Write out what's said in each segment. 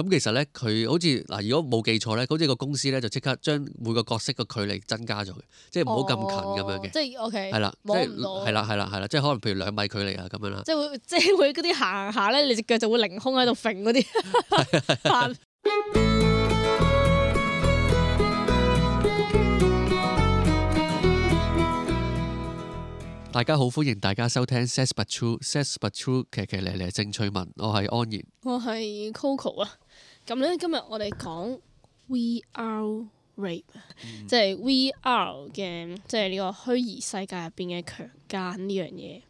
咁其實咧，佢好似嗱，如果冇記錯咧，好似個公司咧就即刻將每個角色嘅距離增加咗嘅，即係唔好咁近咁、哦、樣嘅是不。即係 OK。係啦，即係係啦，係啦，係啦，即係可能譬如兩米距離啊咁樣啦。即係會，即係會嗰啲行下咧，你隻腳就會凌空喺度揈嗰啲。大家好，歡迎大家收聽《Sex But True》，《Sex But True 奇奇奇蜜蜜》，騎騎咧咧正趣聞，我係安然，我係 Coco 啊。咁咧今日我哋講、嗯、VR rape，即係 VR 嘅即係呢個虛擬世界入邊嘅強姦呢樣嘢，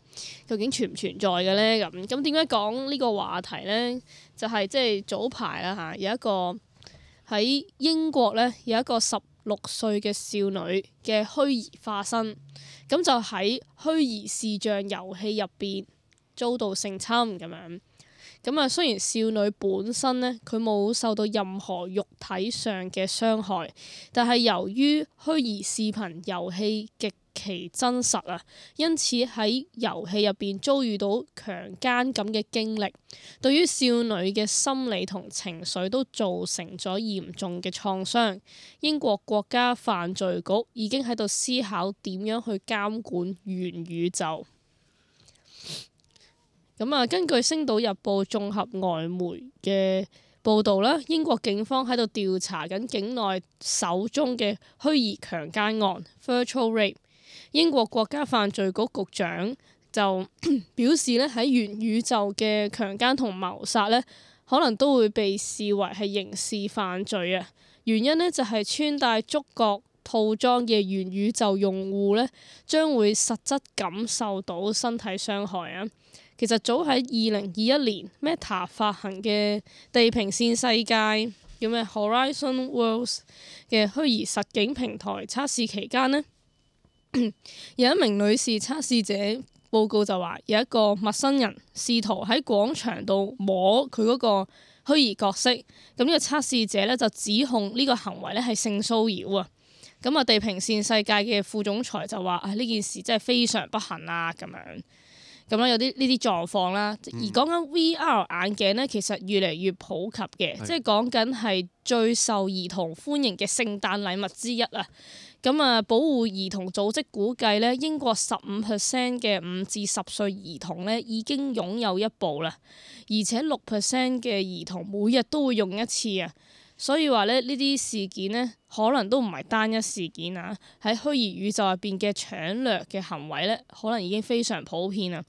究竟存唔存在嘅咧？咁咁點解講呢個話題咧？就係即係早排啦嚇，有一個喺英國咧有一個十六歲嘅少女嘅虛擬化身，咁就喺虛擬視像遊戲入邊遭到性侵咁樣。咁啊，雖然少女本身呢，佢冇受到任何肉體上嘅傷害，但係由於虛擬視頻遊戲極其真實啊，因此喺遊戲入邊遭遇到強姦咁嘅經歷，對於少女嘅心理同情緒都造成咗嚴重嘅創傷。英國國家犯罪局已經喺度思考點樣去監管元宇宙。咁啊，根據《星島日報》綜合外媒嘅報導咧，英國警方喺度調查緊境內首宗嘅虛擬強姦案 （virtual rape）。英國國家犯罪局局長就 表示咧，喺元宇宙嘅強姦同謀殺咧，可能都會被視為係刑事犯罪啊。原因咧就係穿戴觸覺套裝嘅元宇宙用戶咧，將會實質感受到身體傷害啊。其實早喺二零二一年 Meta 發行嘅地平線世界，叫咩 Horizon Worlds 嘅虛擬實境平台測試期間呢， 有一名女士測試者報告就話，有一個陌生人試圖喺廣場度摸佢嗰個虛擬角色，咁呢個測試者呢，就指控呢個行為呢係性騷擾啊，咁啊，地平線世界嘅副總裁就話啊，呢件事真係非常不幸啊咁樣。咁啦，有啲呢啲狀況啦，而講緊 VR 眼鏡呢，其實越嚟越普及嘅，的即係講緊係最受兒童歡迎嘅聖誕禮物之一啊！咁啊，保護兒童組織估計呢，英國十五 percent 嘅五至十歲兒童呢已經擁有一部啦，而且六 percent 嘅兒童每日都會用一次啊！所以話咧，呢啲事件咧，可能都唔係單一事件啊！喺虛擬宇宙入邊嘅搶掠嘅行為咧，可能已經非常普遍啊！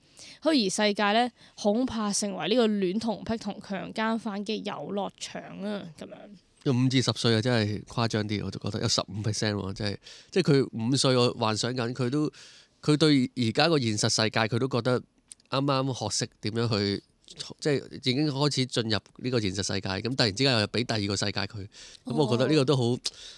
虛擬世界咧，恐怕成為呢個戀童癖同強姦犯嘅遊樂場啊！咁樣。有五至十歲啊，真係誇張啲，我就覺得有十五 percent 喎，真係，即係佢五歲，我幻想緊佢都，佢對而家個現實世界，佢都覺得啱啱學識點樣去。即係已經開始進入呢個現實世界，咁突然之間又俾第二個世界佢，咁我覺得呢個都好，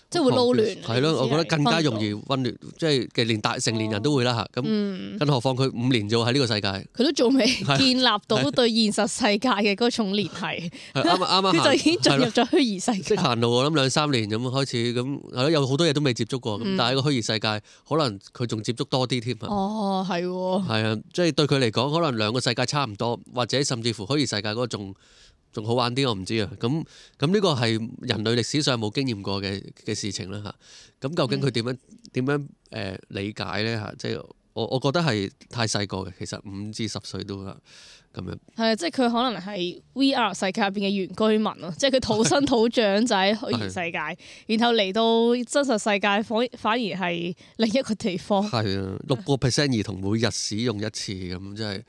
即係會撈亂，係咯，我覺得更加容易混亂，即係連大成年人都會啦吓，咁更何況佢五年就喺呢個世界，佢都仲未建立到對現實世界嘅嗰種聯繫，係啱啊啱啊，佢就已經進入咗虛擬世界，行路我諗兩三年咁開始，咁係咯，有好多嘢都未接觸過，咁但係個虛擬世界可能佢仲接觸多啲添啊，哦係，係啊，即係對佢嚟講可能兩個世界差唔多，或者甚。似乎虛擬世界嗰個仲仲好玩啲，我唔知啊。咁咁呢個係人類歷史上冇經驗過嘅嘅事情啦嚇。咁究竟佢點樣點、嗯、樣誒理解呢？嚇？即係我我覺得係太細個嘅，其實五至十歲都咁樣。係啊，即係佢可能係 VR 世界入邊嘅原居民啊，的即係佢土生土長就喺虛擬世界，的然後嚟到真實世界反反而係另一個地方。係啊，六個 percent 兒童每日使用一次咁， 即係。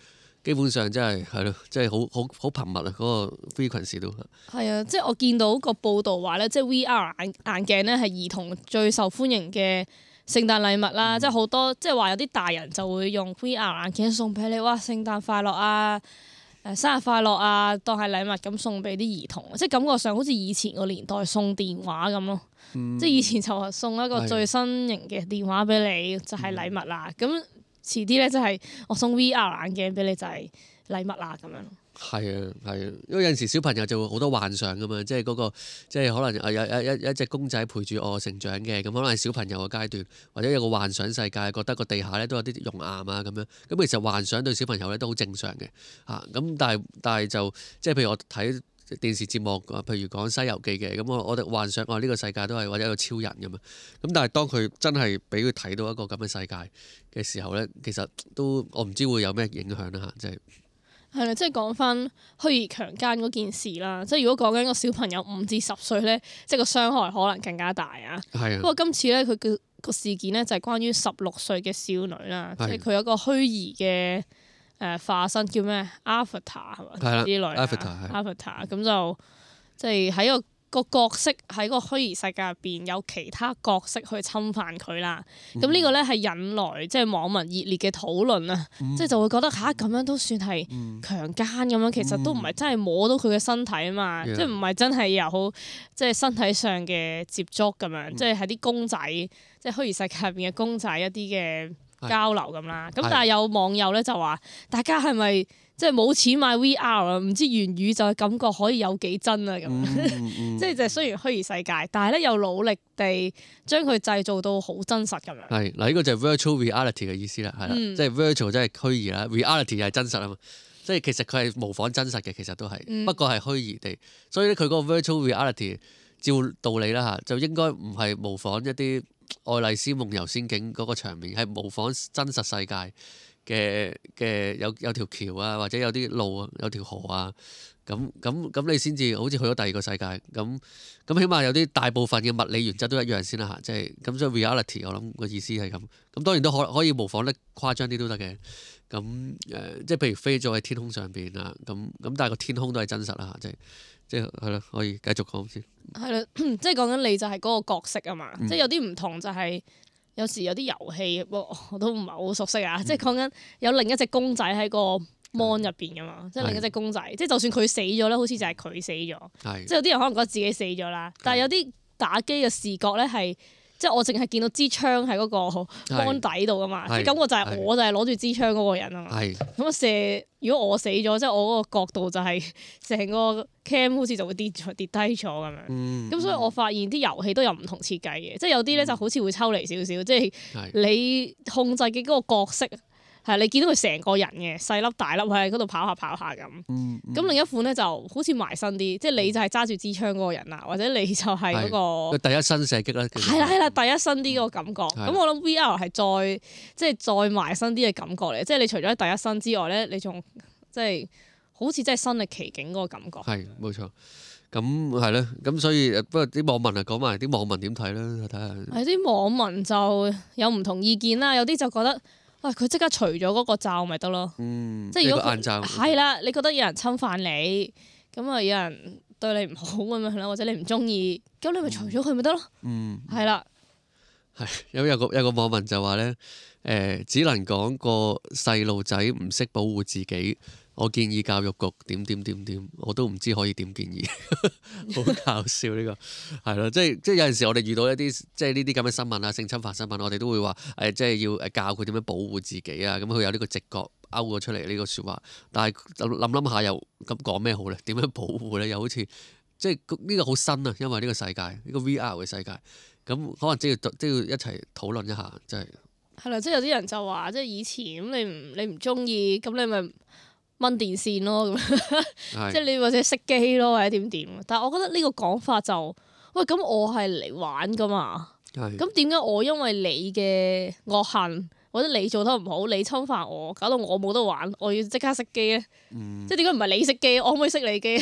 基本上真係係咯，真係好好好頻密啊！嗰、那個 frequency 都係啊，即係我見到個報道話咧，即係 VR 眼鏡咧係兒童最受歡迎嘅聖誕禮物啦、嗯，即係好多即係話有啲大人就會用 VR 眼鏡送俾你，哇！聖誕快樂啊，誒生日快樂啊，當係禮物咁送俾啲兒童，即係感覺上好似以前個年代送電話咁咯，嗯、即係以前就送一個最新型嘅電話俾你、嗯、就係禮物啦，咁、嗯。遲啲咧，即係我送 VR 眼鏡俾你，就係禮物啦咁樣。係啊，係啊，因為有陣時小朋友就會好多幻想㗎嘛，即係嗰個即係可能啊，有一一隻公仔陪住我成長嘅，咁可能係小朋友嘅階段，或者有個幻想世界，覺得個地下咧都有啲熔岩啊咁樣。咁其實幻想對小朋友咧都好正常嘅，吓咁但係但係就即係譬如我睇電視節目，譬如講《西遊記》嘅，咁我我哋幻想我呢個世界都係或者一個超人咁嘛。咁但係當佢真係俾佢睇到一個咁嘅世界嘅時候咧，其實都我唔知會有咩影響啦嚇，即係係啊，即係講翻虛擬強姦嗰件事啦，即係如果講緊個小朋友五至十歲咧，即係個傷害可能更加大啊。是的 不過今次咧佢個個事件咧就係關於十六歲嘅少女啦，是的 即係佢有一個虛擬嘅。誒、呃、化身叫咩？Avatar 係嘛之類啦、yeah,Avatar 咁、yes. 就即係喺個個角色喺個虛擬世界入邊有其他角色去侵犯佢啦。咁呢、mm. 個咧係引來即係、就是、網民熱烈嘅討論啊！即係、mm. 就，就會覺得吓，咁、啊、樣都算係強姦咁樣，mm. 其實都唔係真係摸到佢嘅身體啊嘛，即係唔係真係有好即係身體上嘅接觸咁樣，即係喺啲公仔即係、就是、虛擬世界入邊嘅公仔一啲嘅。交流咁啦，咁但係有網友咧就話：是大家係咪即係冇錢買 VR 啊？唔知元宇宙就係感覺可以有幾真啊咁，即係、嗯嗯、 雖然虛擬世界，但係咧又努力地將佢製造到好真實咁樣。係嗱，呢、這個就係 virtual reality 嘅意思啦，係啦，即係、嗯、virtual 真係虛擬啦，reality 係真實啊嘛，即係其實佢係模仿真實嘅，其實都係，不過係虛擬地，所以咧佢嗰個 virtual reality 照道理啦嚇，就應該唔係模仿一啲。愛麗絲夢遊仙境嗰個場面係模仿真實世界嘅，嘅有有條橋啊，或者有啲路啊，有條河啊，咁咁咁你先至好似去咗第二個世界，咁咁起碼有啲大部分嘅物理原則都一樣先啦吓，即係咁所以 reality 我諗個意思係咁，咁、啊、當然都可以可以模仿得誇張啲都得嘅，咁、啊、誒、呃、即係譬如飛咗喺天空上邊啊，咁、啊、咁但係個天空都係真實啦嚇、啊，即係。係咯，可以繼續講先。係咯，即係講緊你就係嗰個角色啊嘛，即係有啲唔同就係有時有啲遊戲，我我都唔係好熟悉啊。即係講緊有另一隻公仔喺個 mon 入邊噶嘛，即係對另一隻公仔。即係對就算佢死咗咧，好似就係佢死咗。即係對有啲人可能覺得自己死咗啦，但係有啲打機嘅視覺咧係。即係我淨係見到支槍喺嗰個桿底度㗎嘛，即係是感覺就係我就係攞住支槍嗰個人啊嘛。咁啊是射，如果我死咗，即、就、係、是、我嗰個角度就係成個 cam 好似就會跌咗跌低咗咁樣。咁、嗯、所以我發現啲遊戲都有唔同設計嘅，嗯、即係有啲咧就好似會抽離少少，即係、嗯、你控制嘅嗰個角色。係你見到佢成個人嘅細粒大粒，喺嗰度跑下跑下咁。咁、嗯嗯、另一款咧就好似埋身啲，嗯、即係你就係揸住支槍嗰個人啊，或者你就係嗰、嗰個第一身射擊啦。係啦係啦，第一身啲嗰個感覺。咁的我諗 VR 係再即係再埋身啲嘅感覺嚟，的即係你除咗第一身之外咧，你仲即係好似真係身歷其境嗰個感覺。係冇錯，咁係咯，咁所以不過啲網民啊，講埋啲網民點睇啦，睇下。係啲網民就有唔同意見啦，有啲就覺得。哇！佢即刻除咗嗰個罩咪得咯，嗯、即係如果係啦，你覺得有人侵犯你，咁啊有人對你唔好咁樣啦，或者你唔中意，咁你咪除咗佢咪得咯，係啦。係，因為有個有個網民就話咧，誒、呃、只能講個細路仔唔識保護自己。我建議教育局點點點點，我都唔知可以點建議，好 搞笑呢、 呢個，係啦，即係即係有陣時我哋遇到一啲即係呢啲咁嘅新聞啊，性侵犯新聞，我哋都會話誒，即、呃、係、就是、要誒教佢點樣保護自己啊，咁、嗯、佢有呢個直覺勾咗出嚟呢、呢個説話，但係諗諗諗下又咁講咩好咧？點樣保護咧？又好似即係呢個好新啊，因為呢個世界呢、呢個 VR 嘅世界，咁、嗯、可能即係真要一齊討論一下，即、就、係、是。係啦，即係有啲人就話，即係以前咁你唔你唔中意，咁你咪，掹電線咯，咁 樣即係你或者熄機咯，或者點點。但係我覺得呢個講法就，喂咁，我係嚟玩噶嘛。咁點解我因為你嘅惡行，或者你做得唔好，你侵犯我，搞到我冇得玩，我要刻、嗯、即刻熄機咧？即係點解唔係你熄機，我可唔可以熄你機？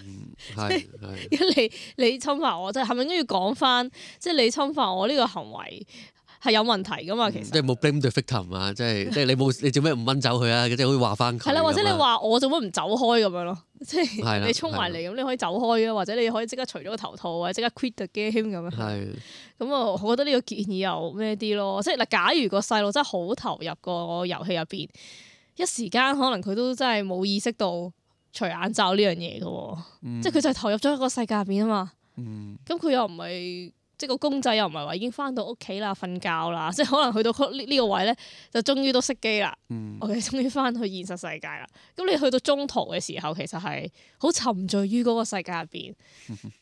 嗯、 即係你你侵犯我，即係係咪應該要講翻？即係你侵犯我呢個行為？係有問題噶嘛？其實、嗯、即係冇 blame the victim 啊！ 即係即係你冇你做咩唔掹走佢啊？即係可以話翻佢係啦，或者你話我做乜唔走開咁樣咯？即係 你衝埋嚟咁，你可以走開啊，了或者你可以即刻除咗個頭套或者即刻 quit the game 咁樣。係咁啊，我覺得呢個建議又咩啲咯？即係嗱，假如個細路真係好投入個遊戲入邊，一時間可能佢都真係冇意識到除眼罩呢樣嘢嘅喎，嗯、即係佢就係投入咗一個世界入邊啊嘛。咁佢、嗯、又唔係。即個公仔又唔係話已經翻到屋企啦、瞓覺啦，即係可能去到呢呢個位咧，就終於都熄機啦。我哋、嗯、終於翻去現實世界啦。咁你去到中途嘅時候，其實係好沉醉於嗰個世界入邊。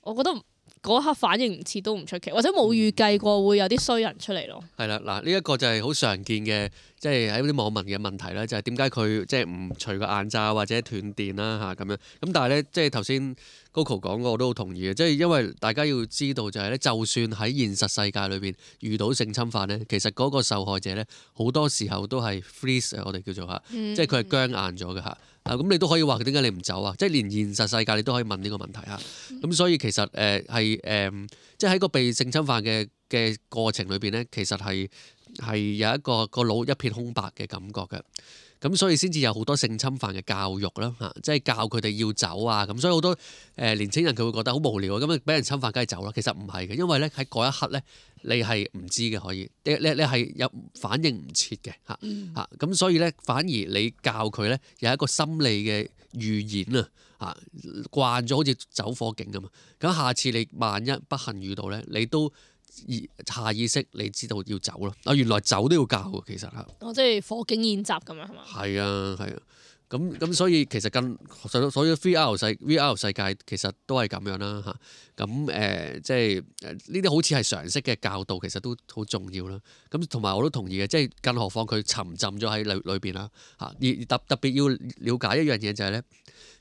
我覺得。嗰刻反應唔切都唔出奇，或者冇預計過會有啲衰人出嚟咯。係啦、嗯，嗱呢一個就係好常見嘅，即係喺啲網民嘅問題咧，就係點解佢即係唔除個眼罩或者斷電啦嚇咁樣？咁但係呢，即係頭先 Coco 講過我都好同意嘅，即係因為大家要知道就係呢，就算喺現實世界裏邊遇到性侵犯呢，其實嗰個受害者呢，好多時候都係 freeze，我哋叫做嚇，即係佢係僵硬咗嘅嚇。啊！咁、嗯、你都可以話佢點解你唔走啊？即係連現實世界你都可以問呢個問題嚇、啊。咁、嗯嗯、所以其實誒係誒，即係喺個被性侵犯嘅嘅過程裏邊呢，其實係係有一個一個腦一片空白嘅感覺嘅。咁所以先至有好多性侵犯嘅教育啦，嚇，即係教佢哋要走啊，咁所以好多誒年青人佢會覺得好無聊啊，咁啊俾人侵犯梗係走啦。其實唔係嘅，因為咧喺嗰一刻咧，你係唔知嘅，可以，你你你係有反應唔切嘅，嚇嚇、嗯，咁所以咧反而你教佢咧有一個心理嘅預演啊，嚇慣咗好似走火警咁啊，咁下次你萬一不幸遇到咧，你都。意下意識，你知道要走咯。啊，原來走都要教喎，其實嚇。哦，即係火警演習咁樣係嘛？係啊，係啊。咁咁，所以其實更，所以所以 VR 世 VR 世界, VR 世界其實都係咁樣啦嚇。咁、啊、誒、呃，即係呢啲好似係常識嘅教導，其實都好重要啦。咁同埋我都同意嘅，即係更何況佢沉浸咗喺裏裏邊啦嚇。而特特別要了解一樣嘢就係、是、咧，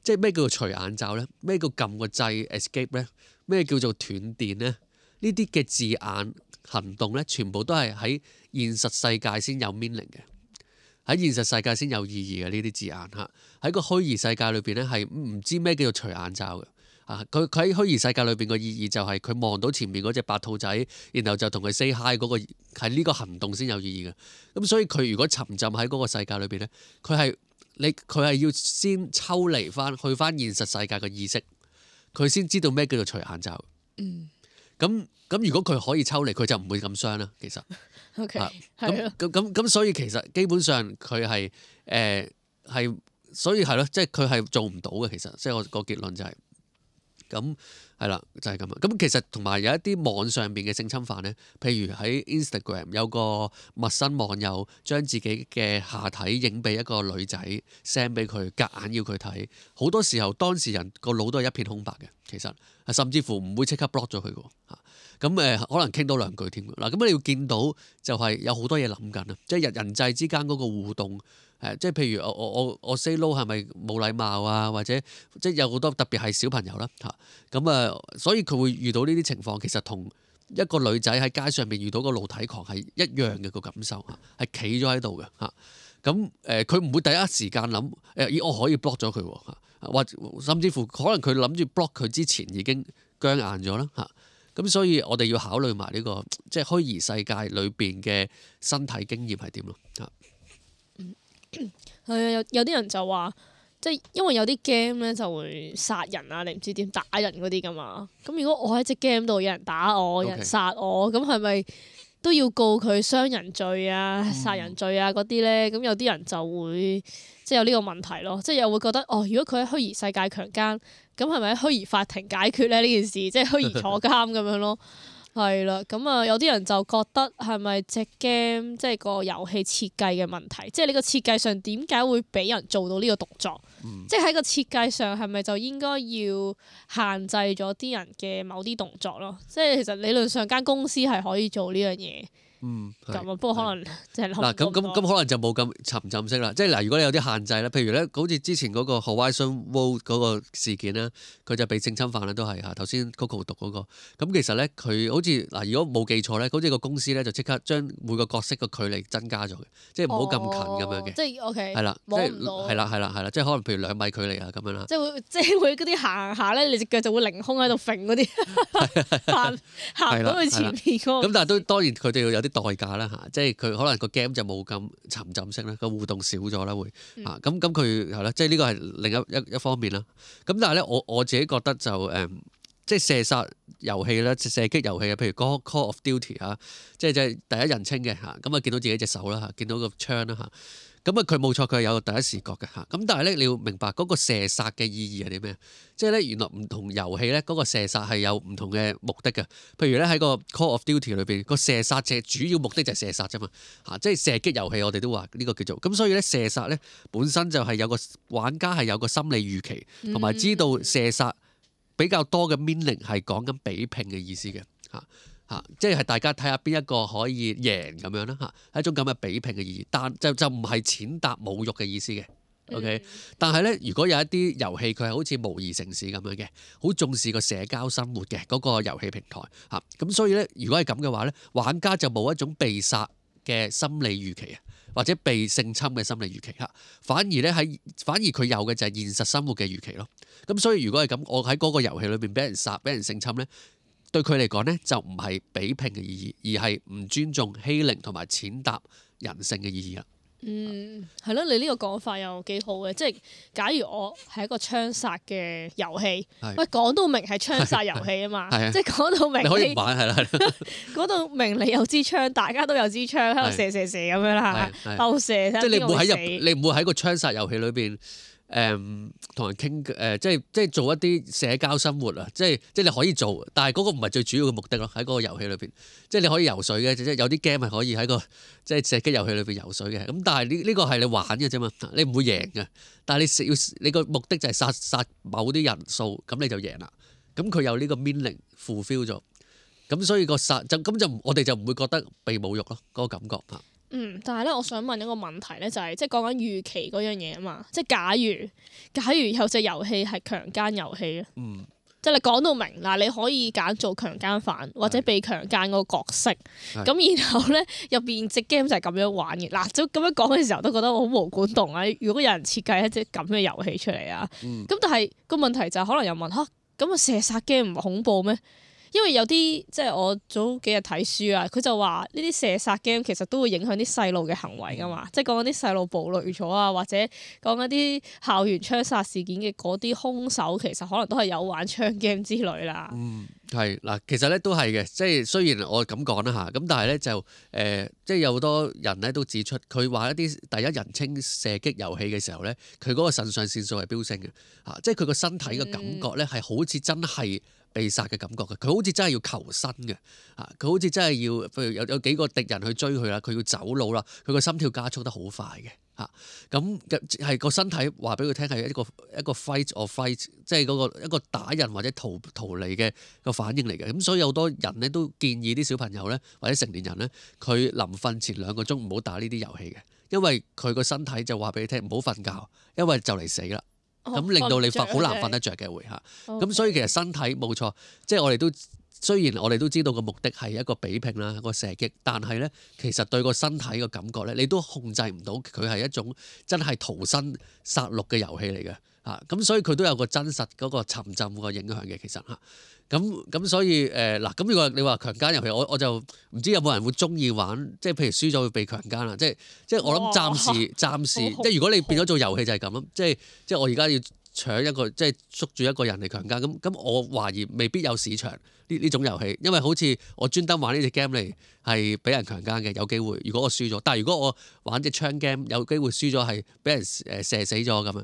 即係咩叫做除眼罩咧？咩叫撳個掣 Escape 咧？咩叫,叫做斷電咧？呢啲嘅字眼、行動呢，全部都係喺現實世界先有 meaning 嘅，喺現實世界先有意義嘅呢啲字眼嚇。喺個虛擬世界裏邊呢，係唔知咩叫做除眼罩嘅啊。佢佢喺虛擬世界裏邊嘅意義就係佢望到前面嗰隻白兔仔，然後就同佢 say hi 嗰個喺呢個行動先有意義嘅。咁所以佢如果沉浸喺嗰個世界裏邊呢，佢係你佢係要先抽離翻去翻現實世界嘅意識，佢先知道咩叫做除眼罩。嗯咁咁如果佢可以抽離，佢就唔會咁傷啦。其實，OK，咁咁咁所以其實基本上佢係誒係，所以係咯，即係佢係做唔到嘅。其實，即係我個結論就係、是、咁。係啦，就係咁啊！咁其實同埋有一啲網上邊嘅性侵犯咧，譬如喺 Instagram 有個陌生網友將自己嘅下體影俾一個女仔 send 俾佢，夾硬要佢睇。好多時候當事人個腦都係一片空白嘅，其實甚至乎唔會即刻 block 咗佢㗎喎。咁誒，可能傾多兩句添嗱。咁你要見到就係有好多嘢諗緊啊，即係人人際之間嗰個互動誒，即係譬如我我我我 say no 係咪冇禮貌啊？或者即係有好多特別係小朋友啦嚇咁啊，所以佢會遇到呢啲情況，其實同一個女仔喺街上面遇到個露體狂係一樣嘅個感受嚇，係企咗喺度嘅嚇。咁誒，佢唔會第一時間諗誒，咦、啊？我可以 block 咗佢喎嚇，或、啊、甚至乎可能佢諗住 block 佢之前已經僵硬咗啦嚇。啊咁所以，我哋要考慮埋、這、呢個即係虛擬世界裏邊嘅身體經驗係點咯？嚇，嗯，係啊，有有啲人就話，即係因為有啲 game 咧就會殺人啊，你唔知點打人嗰啲㗎嘛。咁如果我喺隻 game 度有人打我、Okay. 有人殺我，咁係咪？都要告佢傷人罪啊、殺人罪啊嗰啲咧，咁有啲人就會即係有呢個問題咯，即係又會覺得哦，如果佢喺虛擬世界強姦，咁係咪喺虛擬法庭解決咧呢件事？即係虛擬坐監咁樣咯。係啦，咁啊有啲人就覺得係咪隻 game 即係個遊戲設計嘅問題，即係你、嗯、個設計上點解會俾人做到呢個動作？即係喺個設計上係咪就應該要限制咗啲人嘅某啲動作咯？即係其實理論上間公司係可以做呢樣嘢。嗯，咁不過可能即係諗唔到咁多。嗱，咁咁咁可能就冇咁沉浸式啦。即係嗱，如果你有啲限制咧，譬如咧，好似之前嗰個 Horizon World 嗰個事件咧，佢就俾性侵犯啦，都係嚇。頭先 Coco 讀嗰個，咁其實咧佢好似嗱，如果冇記錯咧，好似個公司咧就即刻將每個角色嘅距離增加咗嘅，即係唔好咁近咁樣嘅。即係 OK。係啦，即係啦係啦係啦，即係可能譬如兩米距離啊咁樣啦。即係會即係會嗰啲行下咧，你隻腳就會凌空喺度揈嗰啲，行 到去前面個。 咁但係都當然佢哋有啲代價啦嚇，即係佢可能個 game 就冇咁沉浸式啦，個互動少咗啦會嚇，咁咁佢係咯，即係呢個係另一一一方面啦。咁但係咧，我我自己覺得就誒、嗯，即係射殺遊戲啦，射擊遊戲啊，譬如《Call of Duty》啊，即係即係第一人稱嘅嚇，咁啊見到自己隻手啦嚇、啊，見到個槍啦嚇。啊咁啊，佢冇錯，佢係有一個第一視覺嘅嚇。咁但係咧，你要明白嗰個射殺嘅意義係啲咩？即係咧，原來唔同遊戲咧，嗰個射殺係有唔同嘅目的嘅。譬如咧，喺個 Call of Duty 裏邊，個射殺者主要目的就係射殺啫嘛嚇。即係射擊遊戲我，我哋都話呢個叫做。咁所以咧，射殺咧，本身就係有個玩家係有個心理預期，同埋知道射殺比較多嘅 meaning 係講緊比拼嘅意思嘅嚇。即係大家睇下邊一個可以贏咁樣啦嚇，係一種咁嘅比拼嘅意義，但就就唔係踐踏侮辱嘅意思嘅。OK，、嗯、但係呢，如果有一啲遊戲佢係好似《模擬城市》咁樣嘅，好重視個社交生活嘅嗰、嗰個遊戲平台嚇，咁、啊、所以呢，如果係咁嘅話呢，玩家就冇一種被殺嘅心理預期啊，或者被性侵嘅心理預期嚇，反而呢，喺反而佢有嘅就係現實生活嘅預期咯。咁所以如果係咁，我喺嗰個遊戲裏邊俾人殺、俾人性侵呢。對佢嚟講咧，就唔係比拼嘅意義，而係唔尊重、欺凌同埋踐踏人性嘅意義啊！嗯，係咯，你呢個講法又幾好嘅，即係假如我係一個槍殺嘅遊戲，喂，講到明係槍殺遊戲啊嘛，即係講到明你可以唔玩係啦，講到明你有支槍，大家都有支槍喺度射射射咁樣啦，鬥射即係你唔會喺入，你唔會喺個槍殺遊戲裏邊。誒同、嗯、人傾誒、呃，即係即係做一啲社交生活啊！即係即係你可以做，但係嗰個唔係最主要嘅目的咯。喺嗰個遊戲裏邊，即係你可以游水嘅，即係有啲 game 係可以喺個即係射擊遊戲裏邊游水嘅。咁但係呢呢個係你玩嘅啫嘛，你唔會贏嘅。但係你要你個目的就係殺殺某啲人數，咁你就贏啦。咁佢有呢個 meaning fulfilled 咗，咁所以個殺就咁就我哋就唔會覺得被侮辱咯，嗰、那個感覺啊。嗯，但係咧，我想問一個問題咧，就係即係講緊預期嗰樣嘢啊嘛，即係假如假如有隻遊戲係強姦遊戲咧，嗯、即係你講到明嗱，你可以揀做強姦犯或者被強姦嗰個角色，咁、嗯、然後咧入邊隻 game 就係咁樣玩嘅，嗱，即係咁樣講嘅時候都覺得我好無管動啊，如果有人設計一隻咁嘅遊戲出嚟啊，咁、嗯、但係個問題就係可能有人問吓，咁啊射殺 game 唔恐怖咩？因為有啲即係我早幾日睇書啊，佢就話呢啲射殺 game 其實都會影響啲細路嘅行為噶嘛，即係講緊啲細路暴力咗啊，或者講緊啲校園槍殺事件嘅嗰啲兇手其實可能都係有玩槍 game 之類啦。嗯，係嗱，其實咧都係嘅，即係雖然我咁講啦嚇，咁但係咧就誒，即係有好多人咧都指出，佢話一啲第一人稱射擊遊戲嘅時候咧，佢嗰個腎上腺素係飆升嘅嚇，即係佢個身體嘅感覺咧係好似真係。嗯被殺嘅感覺嘅，佢好似真係要求生嘅，嚇佢好似真係要，譬如有有幾個敵人去追佢啦，佢要走佬啦，佢個心跳加速得好快嘅，嚇咁係個身體話俾佢聽係一個一個 fight or fight，即係嗰個一個打人或者逃逃離嘅個反應嚟嘅，咁所以有好多人呢都建議啲小朋友呢，或者成年人呢，佢臨瞓前兩個鐘唔好打呢啲遊戲嘅，因為佢個身體就話俾你聽唔好瞓覺，因為就嚟死啦。咁令到你瞓好難瞓得着嘅回嚇，咁 Okay.、嗯、所以其實身體冇錯，即係我哋都雖然我哋都知道個目的係一個比拼啦，個射擊，但係咧其實對個身體個感覺咧，你都控制唔到，佢係一種真係逃生殺戮嘅遊戲嚟嘅。咁、嗯、所以佢都有個真實嗰個沉浸個影響嘅，其實嚇咁咁，所以誒嗱，咁、嗯嗯嗯、如果你話強姦遊戲，我我就唔知有冇人會中意玩，即係譬如輸咗會被強姦啦，即係即係我諗暫時哇暫時，即係如果你變咗做遊戲就係咁好即係即係我而家要搶一個，即係捉住一個人嚟強姦咁咁，我懷疑未必有市場呢呢種,種遊戲，因為好似我專登玩呢隻 game 嚟係俾人強姦嘅，有機會。如果我輸咗，但係如果我玩隻槍 game，有機會輸咗係俾人誒射死咗咁樣！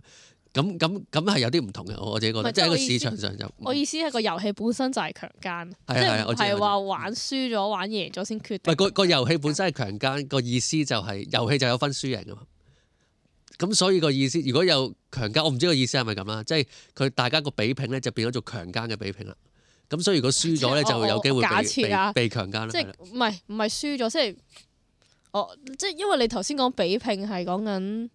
咁咁咁係有啲唔同嘅，我自己覺得。咪不即係喺個市場上就我意思係個就遊戲本身就係強姦。係係係，我知。唔係話玩輸咗、玩贏咗先決定。唔係個遊戲本身係強姦，個意思就係遊戲就有分輸贏㗎嘛。咁所以個意思，如果有強姦，我唔知個意思係咪咁啦。即係佢大家個比拼咧，就變咗做強姦嘅比拼啦。咁所以如果輸咗咧，就會有機會被、啊、被強姦啦、就是的。即係唔係唔係輸咗，即係哦，即係因為你頭先講比拼係講緊。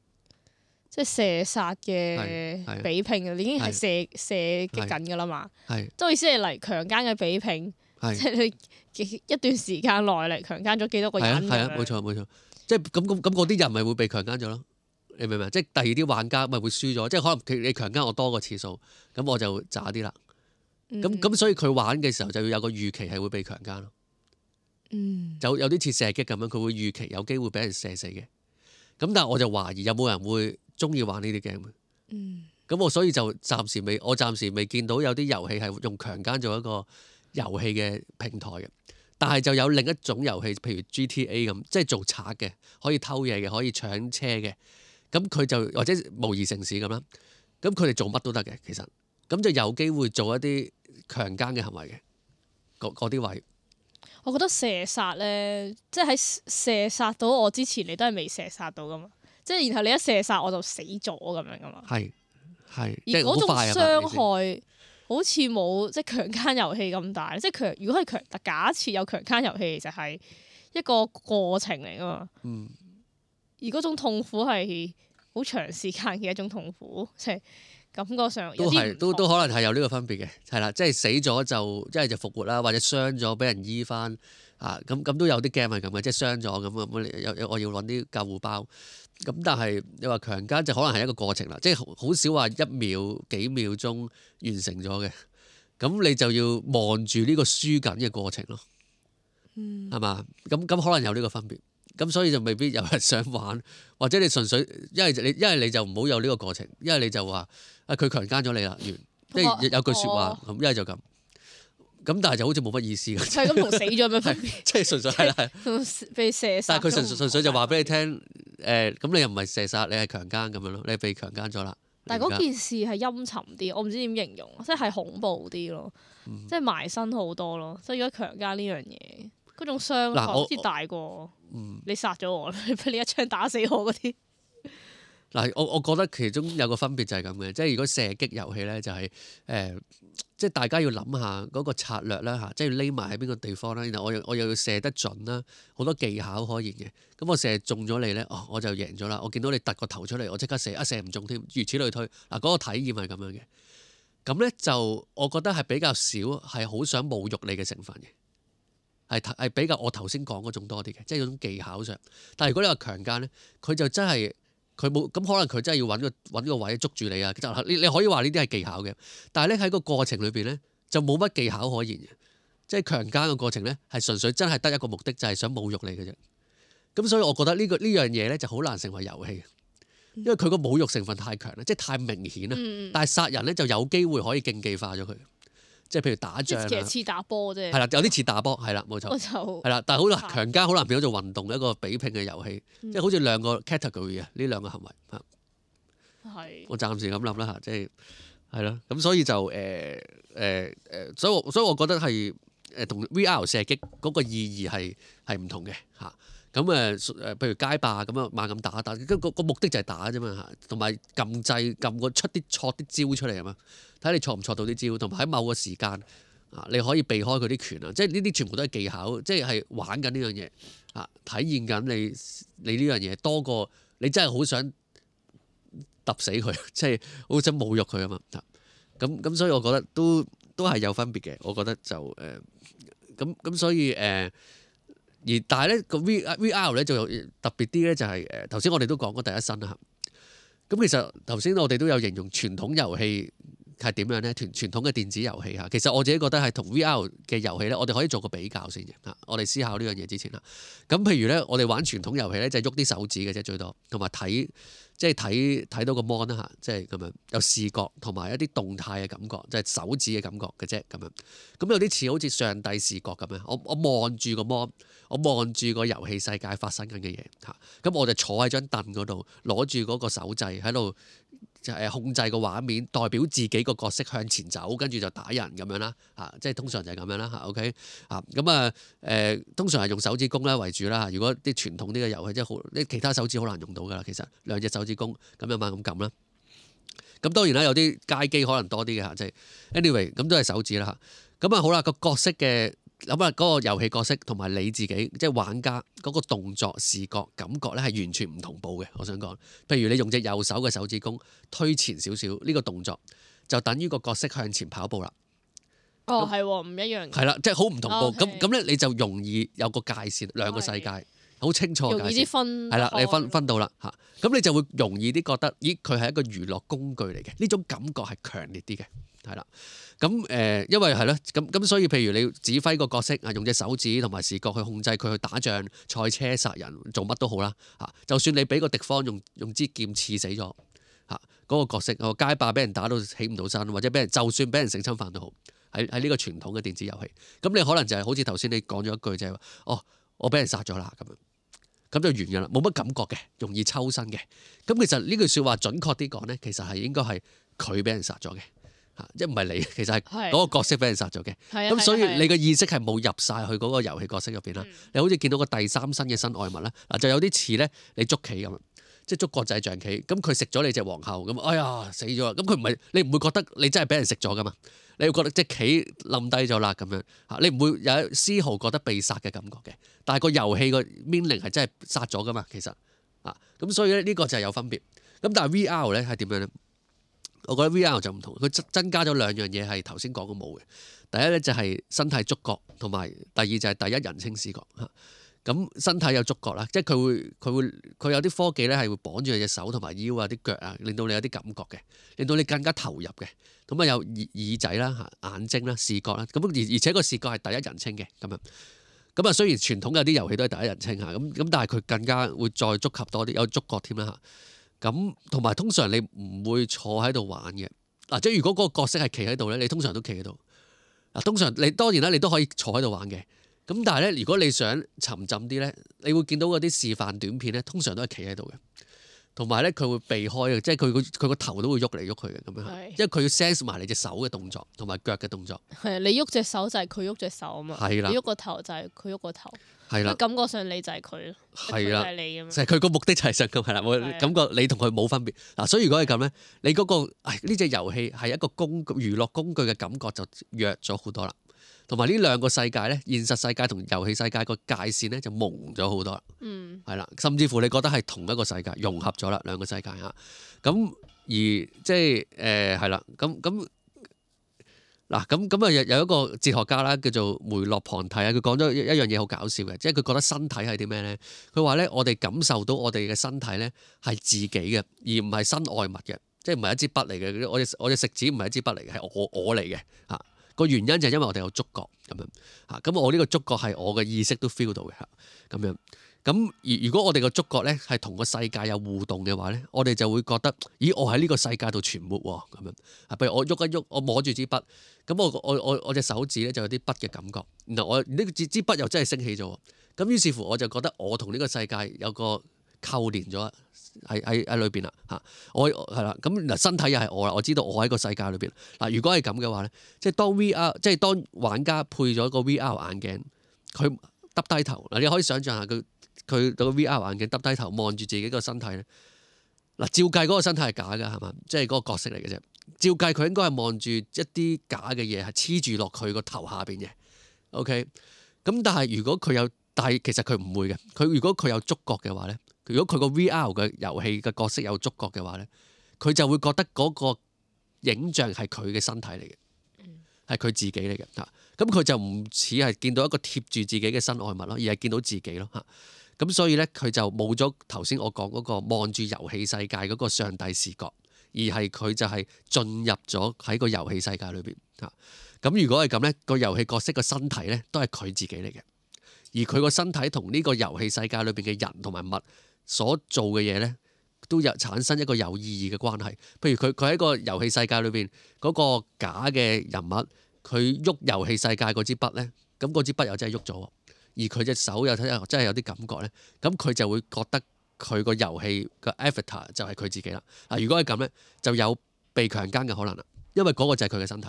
即係射殺嘅比拼啊，已經係射射擊緊噶啦嘛。係，即係意思係嚟強姦嘅比拼，即係你一段時間內嚟強姦咗幾多個人咁樣。係啊，冇錯冇錯。即係咁咁咁，嗰啲人咪會被強姦咗咯。你明唔明？即係第二啲玩家咪會輸咗，即係可能佢你強姦我多過次數，咁我就渣啲啦。咁咁，嗯，所以佢玩嘅時候就要有個預期係會被強姦咯。嗯，就有有啲似射擊咁樣，佢會預期有機會俾人射死嘅。咁但係我就懷疑有冇人會鍾意玩呢啲 game。嗯。咁我所以就暫時未，我暫時未見到有啲遊戲係用強奸做一個遊戲嘅平台嘅。但係就有另一種遊戲，譬如 GTA 咁，即係做賊嘅，可以偷嘢嘅，可以搶車嘅。咁佢就或者模擬城市咁樣。咁佢哋做乜都得嘅，其實咁就有機會做一啲強奸嘅行為嘅嗰啲位。我覺得射殺咧，即係喺射殺到我之前，你都係未射殺到噶嘛？即係然後你一射殺我就死咗咁樣噶嘛？係係，而嗰種傷害好似冇即係強奸遊戲咁大，即係強如果係強，但假設有強姦遊戲就係一個過程嚟噶嘛？嗯，而嗰種痛苦係好長時間嘅一種痛苦，即係。感覺上都係都都可能係有呢個分別嘅，係啦，即係死咗就即係就復活啦，或者傷咗俾人醫翻啊，咁咁都有啲 game 係咁嘅，即係傷咗咁咁，我要揾啲救護包。咁但係你話強姦就可能係一個過程啦，即係好少話一秒幾秒鐘完成咗嘅，咁你就要望住呢個輸緊嘅過程咯，嗯，係嘛？咁咁可能有呢個分別。咁所以就未必有人想玩，或者你純粹一係你一係你就唔好有呢個過程，一係你就話啊佢強姦咗你啦，完、嗯、即係有句説話咁一係就咁。咁但係就好似冇乜意思嘅。係咁同死咗有咩分別？即係純粹係啦， 被射殺。但係佢純純粹就話俾你聽，誒、呃、咁你又唔係射殺，你係強姦咁樣咯，你被強姦咗啦。但係嗰件事係陰沉啲，我唔知點形容，即係恐怖啲咯，嗯、即係埋身好多咯，即係如果強姦呢樣嘢。嗰種傷口好似大過我。嗯，你殺咗我，你你一槍打死我嗰啲。嗱，我我覺得其中有個分別就係咁嘅，即係如果射擊遊戲咧、就係，就係誒，即係大家要諗下嗰個策略啦嚇，即係匿埋喺邊個地方啦，然後我又我又要射得準啦，好多技巧可言嘅。咁我射中咗你咧，哦，我就贏咗啦。我見到你突個頭出嚟，我即刻射，一、啊、射唔中添。如此類推。嗱，嗰、嗰個體驗係咁樣嘅。咁咧就我覺得係比較少係好想侮辱你嘅成分嘅。係係比較我頭先講嗰種多啲嘅，即係嗰種技巧上。但係如果你話強姦咧，佢就真係佢冇咁，可能佢真係要揾個揾個位捉住你啊！你你可以話呢啲係技巧嘅，但係咧喺個過程裏邊咧就冇乜技巧可言嘅。即係強姦嘅過程咧係純粹真係得一個目的就係、是、想侮辱你嘅啫。咁所以我覺得呢、這個呢樣嘢咧就好難成為遊戲，因為佢個侮辱成分太強啦，即係太明顯啦。嗯、但係殺人咧就有機會可以競技化咗佢。即係譬如打仗似打波啫，係啦，有啲似打波，係啦，冇錯，係啦就，但係好難強姦，好難變咗做運動嘅一個比拼嘅遊戲，嗯、即係好似兩個 category 啊，呢兩個行為嚇。係是。我暫時咁諗啦嚇，即係係咯，咁所以就誒誒誒，所以我所以我覺得係誒同 VR 射擊嗰個意義係係唔同嘅嚇。咁誒誒，譬如街霸咁樣猛咁打打，跟個目的就係打啫嘛，同埋撳掣撳個出啲錯啲招出嚟啊嘛，睇你錯唔錯到啲招，同埋喺某個時間啊，你可以避開佢啲拳啊，即係呢啲全部都係技巧，即係係玩緊呢樣嘢啊，體驗緊你你呢樣嘢多過你真係好想揼死佢，即係好想侮辱佢啊嘛，唔、嗯、得。咁、嗯、咁所以，我覺得都都係有分別嘅。我覺得就誒，咁、呃、咁、嗯嗯、所以誒。呃而但係咧個 V V R 咧就有特別啲咧，就係誒頭先我哋都講過第一身啦，咁其實頭先我哋都有形容傳統遊戲係點樣咧？傳傳統嘅電子遊戲嚇，其實我自己覺得係同 V R 嘅遊戲咧，我哋可以做個比較先嘅嚇。我哋思考呢樣嘢之前啦，咁譬如咧，我哋玩傳統遊戲咧就係喐啲手指嘅啫最多，同埋睇。即係睇睇到個 mon 啦嚇，即係咁樣有視覺同埋一啲動態嘅感覺，即係手指嘅感覺嘅啫咁樣。咁有啲似好似上帝視覺咁樣，我我望住個 mon，我望住個遊戲世界發生緊嘅嘢嚇。咁我就坐喺張凳嗰度，攞住嗰個手掣喺度。就係控制個畫面，代表自己個角色向前走，跟住就打人咁樣啦。嚇，即係通常就係咁樣啦。OK，啊，咁啊，誒、啊啊，通常係用手指公啦為主啦。如果啲傳統啲嘅遊戲即係好啲，其他手指好難用到噶啦。其實兩隻手指公，咁樣慢咁撳啦。咁、啊、當然啦，有啲街機可能多啲嘅嚇，即係 anyway，咁、啊、都係手指啦。咁啊、啊好啦，個角色嘅。諗下嗰個遊戲角色同埋你自己，即係玩家嗰、嗰個動作視覺感覺咧，係完全唔同步嘅。我想講，譬如你用隻右手嘅手指公推前少少，呢、呢個動作就等於個角色向前跑步啦。哦，係喎就，唔一樣嘅。係啦，即係好唔同步。咁咁咧，okay、你就容易有個界線，兩個世界。好清楚㗎，係啦，你分分到啦嚇，咁你就會容易啲覺得，咦佢係一個娛樂工具嚟嘅，呢種感覺係強烈啲嘅，係啦，咁誒、呃，因為係咯，咁咁所以譬如你指揮個角色啊，用隻手指同埋視覺去控制佢去打仗、賽車、殺人，做乜都好啦嚇，就算你俾個敵方用用支劍刺死咗嚇，嗰、那個角色街霸俾人打到起唔到身，或者俾人，就算俾人性侵犯都好，喺喺呢個傳統嘅電子遊戲，咁你可能就係好似頭先你講咗一句就係、是、話，哦，我俾人殺咗啦咁樣。咁就完嘅啦，冇乜感覺嘅，容易抽身嘅。咁其實呢句説話準確啲講咧，其實係應該係佢俾人殺咗嘅，即係唔係你，其實係嗰個角色俾人殺咗嘅。咁的所以你嘅意識係冇入晒去嗰個遊戲角色入邊啦。的你好似見到個第三身嘅新愛物啦，嗱、嗯、就有啲似咧，你捉棋咁，即係捉國際象棋，咁佢食咗你隻皇后咁，哎呀死咗啦，咁佢唔係你唔會覺得你真係俾人食咗㗎嘛？你會覺得即係企冧低咗啦，咁樣吓，你唔會有絲毫覺得被殺嘅感覺嘅，但係個遊戲個 meaning 係真係殺咗噶嘛，其實啊，咁所以咧呢個就係有分別。咁但係 VR 咧係點樣咧？我覺得 VR 就唔同，佢增加咗兩樣嘢係頭先講過冇嘅。第一咧就係身體觸覺，同埋第二就係第一人稱視覺吓。啊咁身體有觸覺啦，即係佢會佢會佢有啲科技咧係會綁住你隻手同埋腰啊啲腳啊，令到你有啲感覺嘅，令到你更加投入嘅。咁啊有耳仔啦嚇，眼睛啦視覺啦，咁而而且個視覺係第一人稱嘅咁樣。咁啊雖然傳統有啲遊戲都係第一人稱嚇，咁咁但係佢更加會再觸及多啲，有觸覺添啦嚇。咁同埋通常你唔會坐喺度玩嘅嗱，即係如果嗰個角色係企喺度咧，你通常都企喺度嗱。通常你當然啦，你都可以坐喺度玩嘅。咁但係咧，如果你想沉浸啲咧，你會見到嗰啲示範短片咧，通常都係企喺度嘅，同埋咧佢會避開嘅，即係佢個佢個頭都會喐嚟喐去嘅咁樣，因為佢要 sense 埋你隻手嘅動作同埋腳嘅動作。係，你喐隻手就係佢喐隻手啊嘛，你喐個頭就係佢喐個頭，係啦，感覺上你就係佢咯，係啊，就係你咁。就係佢個目的就係想咁，係啦，我感覺你同佢冇分別嗱。所以如果係咁咧，你嗰個呢隻遊戲係一個工具、娛樂工具嘅感覺就弱咗好多啦。同埋呢兩個世界呢，現實世界同遊戲世界個界線呢，就矇咗好多啦。嗯，係啦，甚至乎你覺得係同一個世界融合咗啦，兩個世界嚇。咁而即係誒係啦。咁咁嗱咁咁啊有一個哲學家啦，叫做梅洛龐蒂，啊。佢講咗一一樣嘢好搞笑嘅，即係佢覺得身體係啲咩呢？佢話呢，我哋感受到我哋嘅身體呢，係自己嘅，而唔係身外物嘅，即係唔係一支筆嚟嘅。我隻我隻食指唔係一支筆嚟嘅，係我我嚟嘅嚇。個原因就係因為我哋有觸覺咁樣嚇，咁我呢個觸覺係我嘅意識都 feel 到嘅嚇，咁樣咁而如果我哋個觸覺咧係同個世界有互動嘅話咧，我哋就會覺得咦，我喺呢個世界度存活喎，咁樣啊，譬如我喐一喐，我摸住支筆，咁我我我我隻手指咧就有啲筆嘅感覺，然後我呢支筆又真係升起咗，咁於是乎我就覺得我同呢個世界有個。扣連咗喺喺喺裏邊啦嚇，我係啦咁嗱，身體又係我啦。我知道我喺個世界裏邊嗱。如果係咁嘅話咧，即係當 V R 即係當玩家配咗個 V R 眼鏡，佢耷低頭嗱，你可以想像下佢佢個 V R 眼鏡耷低頭望住自己身個身體咧嗱、就是。照計嗰個身體係假㗎，係嘛？即係嗰個角色嚟嘅啫。照計佢應該係望住一啲假嘅嘢，係黐住落佢個頭下邊嘅。O K. 咁但係如果佢有，但係其實佢唔會嘅。佢如果佢有觸覺嘅話咧。如果佢個 V R 嘅遊戲嘅角色有觸覺嘅話呢，佢就會覺得嗰個影像係佢嘅身體嚟嘅，係佢自己嚟嘅嚇。咁、啊、佢就唔似係見到一個貼住自己嘅身外物咯，而係見到自己咯嚇。咁、啊、所以呢，佢就冇咗頭先我講嗰個望住遊戲世界嗰個上帝視覺，而係佢就係進入咗喺個遊戲世界裏邊嚇。咁、啊、如果係咁呢，個遊戲角色個身體呢，都係佢自己嚟嘅，而佢個身體同呢個遊戲世界裏邊嘅人同埋物。所做嘅嘢呢，都有產生一個有意義嘅關係。譬如佢佢喺個遊戲世界裏邊嗰個假嘅人物，佢喐遊戲世界嗰支筆呢，咁嗰支筆又真係喐咗，而佢隻手又睇真係有啲感覺呢，咁佢就會覺得佢個遊戲嘅 avatar 就係佢自己啦。嗱，如果係咁呢，就有被強姦嘅可能啦，因為嗰個就係佢嘅身體。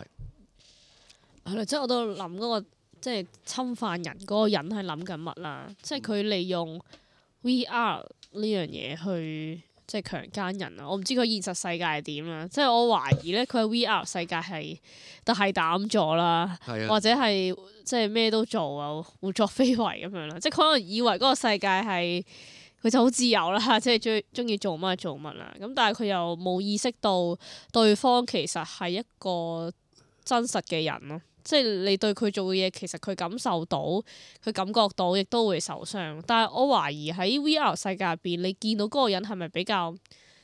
係啦，即係我都諗嗰、那個即係、就是、侵犯人嗰個人係諗緊乜啦？即係佢利用 VR。呢樣嘢去即係強姦人啊！我唔知佢現實世界係點啦，即係我懷疑咧佢喺 VR 世界係，大膽咗啦，或者係即係咩都做啊，胡作非為咁樣啦，即佢可能以為嗰個世界係佢就好自由啦，即係中中意做乜就做乜啦，咁但係佢又冇意識到對方其實係一個真實嘅人咯。即係你對佢做嘅嘢，其實佢感受到，佢感覺到亦都會受傷。但係我懷疑喺 VR 世界入邊，你見到嗰個人係咪比較，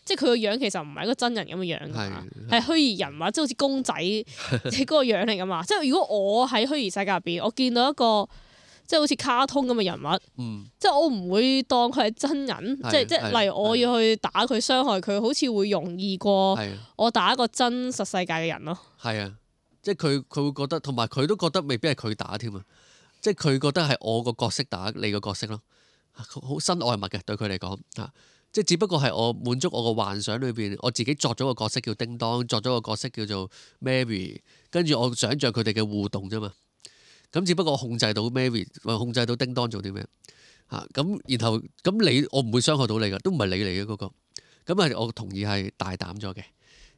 即係佢個樣其實唔係一個真人咁嘅樣噶，係虛擬人物，即係好似公仔，你嗰個樣嚟噶嘛？即係如果我喺虛擬世界入邊，我見到一個即係好似卡通咁嘅人物，嗯、即係我唔會當佢係真人，的即係的即係例如我要去打佢、傷害佢，好似會容易過我打一個真實世界嘅人咯。係啊。即係佢佢會覺得，同埋佢都覺得未必係佢打添啊！即係佢覺得係我個角色打你個角色咯，好身外物嘅對佢嚟講啊！即係只不過係我滿足我個幻想裏邊，我自己作咗個角色叫叮當，作咗個角色叫做 Mary，跟住我想像佢哋嘅互動啫嘛。咁只不過我控制到 Mary 或控制到叮當做啲咩啊？咁然後咁你我唔會傷害到你噶，都唔係你嚟嘅嗰個。咁啊，我同意係大膽咗嘅。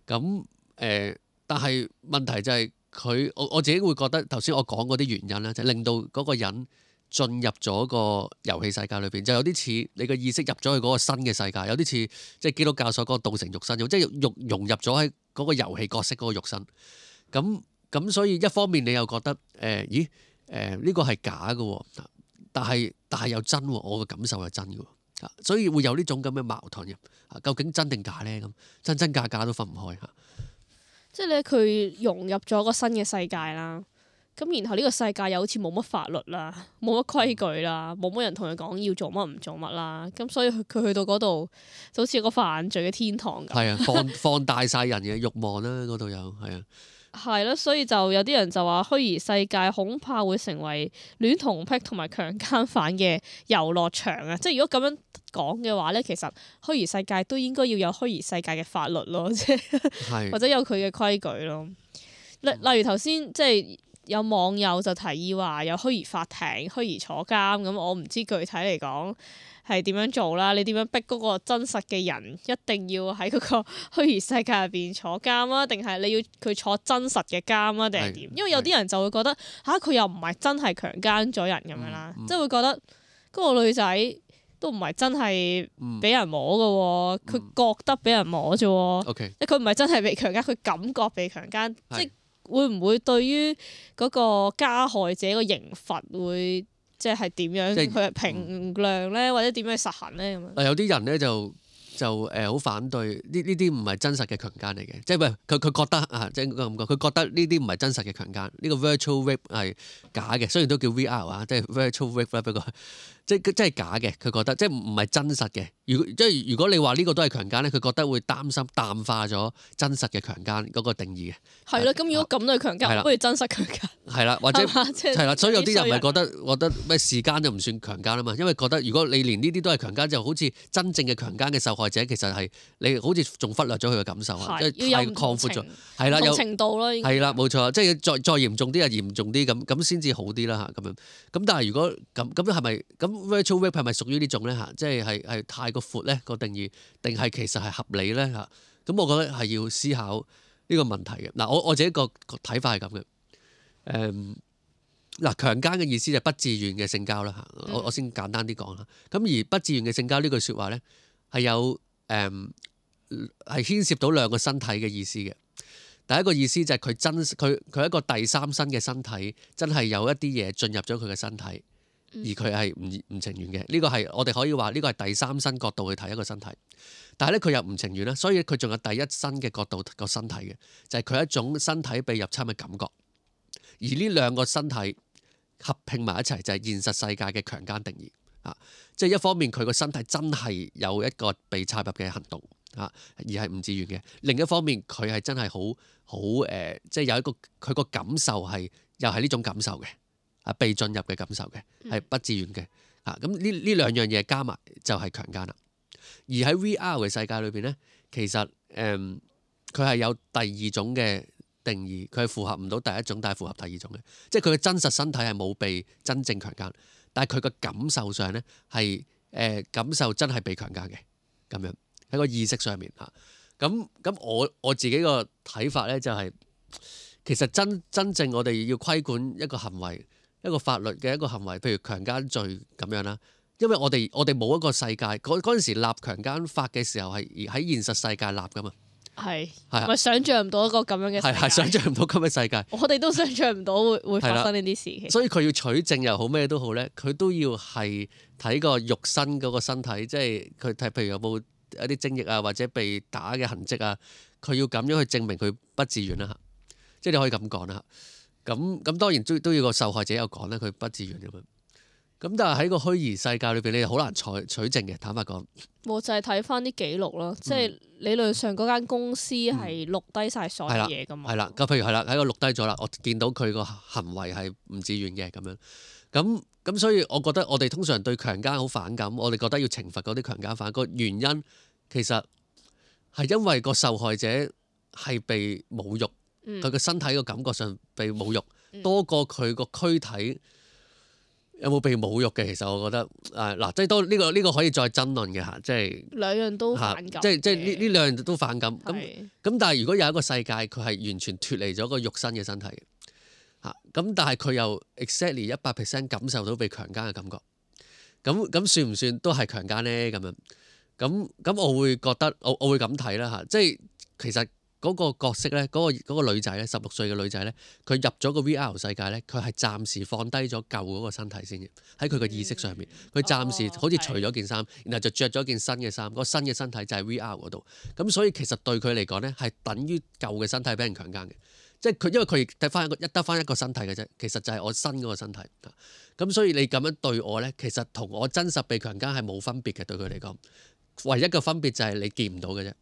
咁誒、呃，但係問題就係、是。佢我我自己會覺得頭先我講嗰啲原因咧，就令到嗰個人進入咗個遊戲世界裏邊，就有啲似你個意識入咗去嗰個新嘅世界，有啲似即係基督教所講道成肉身，即係融入咗喺嗰個遊戲角色嗰個肉身。咁咁所以一方面你又覺得誒咦誒呢個係假嘅，但係但係又真，我嘅感受係真嘅，所以會有呢種咁嘅矛盾嘅。究竟真定假呢？咁真真假假都分唔開嚇。即係咧，佢融入咗個新嘅世界啦。咁然後呢個世界又好似冇乜法律啦，冇乜規矩啦，冇乜人同佢講要做乜唔做乜啦。咁所以佢去到嗰度就好似個犯罪嘅天堂咁。係 啊，放放大晒人嘅慾望啦，嗰度有，係啊。係咯，所以就有啲人就話虛擬世界恐怕會成為戀童癖同埋強姦犯嘅遊樂場啊！即係如果咁樣講嘅話咧，其實虛擬世界都應該要有虛擬世界嘅法律咯，即係或者有佢嘅規矩咯。例例如頭先即係。有網友就提議話，有虛擬法庭、虛擬坐監咁，我唔知具體嚟講係點樣做啦。你點樣逼嗰個真實嘅人一定要喺嗰個虛擬世界入邊坐監啊？定係你要佢坐真實嘅監啊？定係點？是的 因為有啲人就會覺得吓，佢是的、啊、又唔係真係強姦咗人咁樣啦，嗯嗯、即係會覺得嗰個女仔都唔係真係俾人摸嘅喎，佢、嗯嗯、覺得俾人摸啫，即佢唔係真係被強姦，佢感覺被強姦，即的的會唔會對於嗰個加害者個刑罰會、就是、是即係點樣佢評量咧，或者點樣去實行咧咁啊？有啲人咧，就就誒好反對呢呢啲唔係真實嘅強姦嚟嘅，即係唔佢佢覺得啊，即係咁講，佢覺得呢啲唔係真實嘅強姦，呢、呢個 virtual rape 係假嘅，雖然都叫 VR 話，即係 virtual rape 啦不過。即係真係假嘅，佢覺得即係唔唔係真實嘅。如果即係如果你話呢個都係強姦咧，佢覺得會擔心淡化咗真實嘅強姦嗰個定義嘅。係咯，咁如果咁都係強姦，係啦，不如真實強姦。係啦，或者係啦吧，所以有啲人係覺得覺得咩時間就唔算強姦吖嘛，因為覺得如果你連呢啲都係強姦就好似真正嘅強姦嘅受害者其實係你好似仲忽略咗佢嘅感受啊，即係太擴闊咗，係啦，有程度咯，係啦，冇錯，即係再再嚴重啲啊，嚴重啲咁咁先至好啲啦嚇，咁樣。咁但係如果咁咁係咪咁？Virtual rape e 係咪屬於呢種呢？嚇，即係係係太過闊呢個定義，定係其實係合理呢？嚇，咁我覺得係要思考呢個問題嘅。嗱，我我自己個睇法係咁嘅。誒，嗱，強姦嘅意思就係不自願嘅性交啦。嚇，我我先簡單啲講啦。咁、嗯、而不自願嘅性交呢句説話呢，係有誒係牽涉到兩個身體嘅意思嘅。第一個意思就係佢真佢佢一個第三身嘅身體，真係有一啲嘢進入咗佢嘅身體。而佢係唔唔情願嘅，呢個係我哋可以話呢個係第三身角度去睇一個身體，但係咧佢又唔情願啦，所以佢仲有第一身嘅角度個身體嘅，就係佢一種身體被入侵嘅感覺。而呢兩個身體合拼埋一齊就係現實世界嘅強姦定義啊！即係一方面佢個身體真係有一個被插入嘅行動啊，而係唔自願嘅；另一方面佢係真係好好誒，即係有一個佢個感受係又係呢種感受嘅。被進入嘅感受嘅，係不自願嘅嚇，咁呢呢兩樣嘢加埋就係強姦啦。而喺 VR 嘅世界裏邊呢，其實誒佢係有第二種嘅定義，佢係符合唔到第一種，但係符合第二種嘅，即係佢嘅真實身體係冇被真正強姦，但係佢嘅感受上呢，係誒、呃、感受真係被強姦嘅，咁樣喺個意識上面嚇。咁、啊、咁我我自己個睇法呢、就係，就係其實真真正我哋要規管一個行為。一個法律嘅一個行為，譬如強姦罪咁樣啦，因為我哋我哋冇一個世界，嗰嗰陣時立強姦法嘅時候係喺現實世界立㗎嘛，係係咪想像唔到一個咁樣嘅係係想像唔到咁嘅世界，我哋都想像唔到會會發生呢啲事。的 所以佢要取證又好咩都好咧，佢都要係睇個肉身嗰個身體，即係佢睇譬如有冇一啲精液啊或者被打嘅痕跡啊，佢要咁樣去證明佢不自願啦，即係你可以咁講啦。咁咁當然都都要個受害者有講咧，佢不自願咁樣。咁但係喺個虛擬世界裏邊，你好難採取證嘅。坦白講，我就係睇翻啲記錄咯，嗯、即係理論上嗰間公司係錄低晒所有嘢噶嘛。係啦、嗯，咁譬如係啦，喺個錄低咗啦，我見到佢個行為係唔自願嘅咁樣。咁咁所以，我覺得我哋通常對強姦好反感，我哋覺得要懲罰嗰啲強姦犯個原因，其實係因為個受害者係被侮辱。佢個身體個感覺上被侮辱、嗯、多過佢個軀體有冇被侮辱嘅？嗯、其實我覺得誒，嗱、啊，即係多呢個呢、這個可以再爭論嘅吓，即係兩樣都，即係即係呢呢兩樣都反感咁咁。是但係如果有一個世界，佢係完全脫離咗個肉身嘅身體，吓、啊、咁，但係佢又 exactly 一百 percent 感受到被強姦嘅感覺，咁咁算唔算都係強姦咧？咁樣咁咁我會覺得我我會咁睇啦吓，即係其實。嗰個角色呢，嗰、嗰個女仔呢，十六歲嘅女仔呢，佢入咗個 VR 世界呢，佢係暫時放低咗舊嗰個身體先嘅，喺佢嘅意識上面，佢暫時好似除咗件衫，哦、然後就着咗件新嘅衫，個新嘅身體就係 VR 嗰度。咁所以其實對佢嚟講呢，係等於舊嘅身體俾人強姦嘅，即係佢因為佢得翻一個一得翻一個身體嘅啫，其實就係我新嗰個身體。咁所以你咁樣對我呢，其實同我真實被強姦係冇分別嘅，對佢嚟講，唯一嘅分別就係你見唔到嘅啫。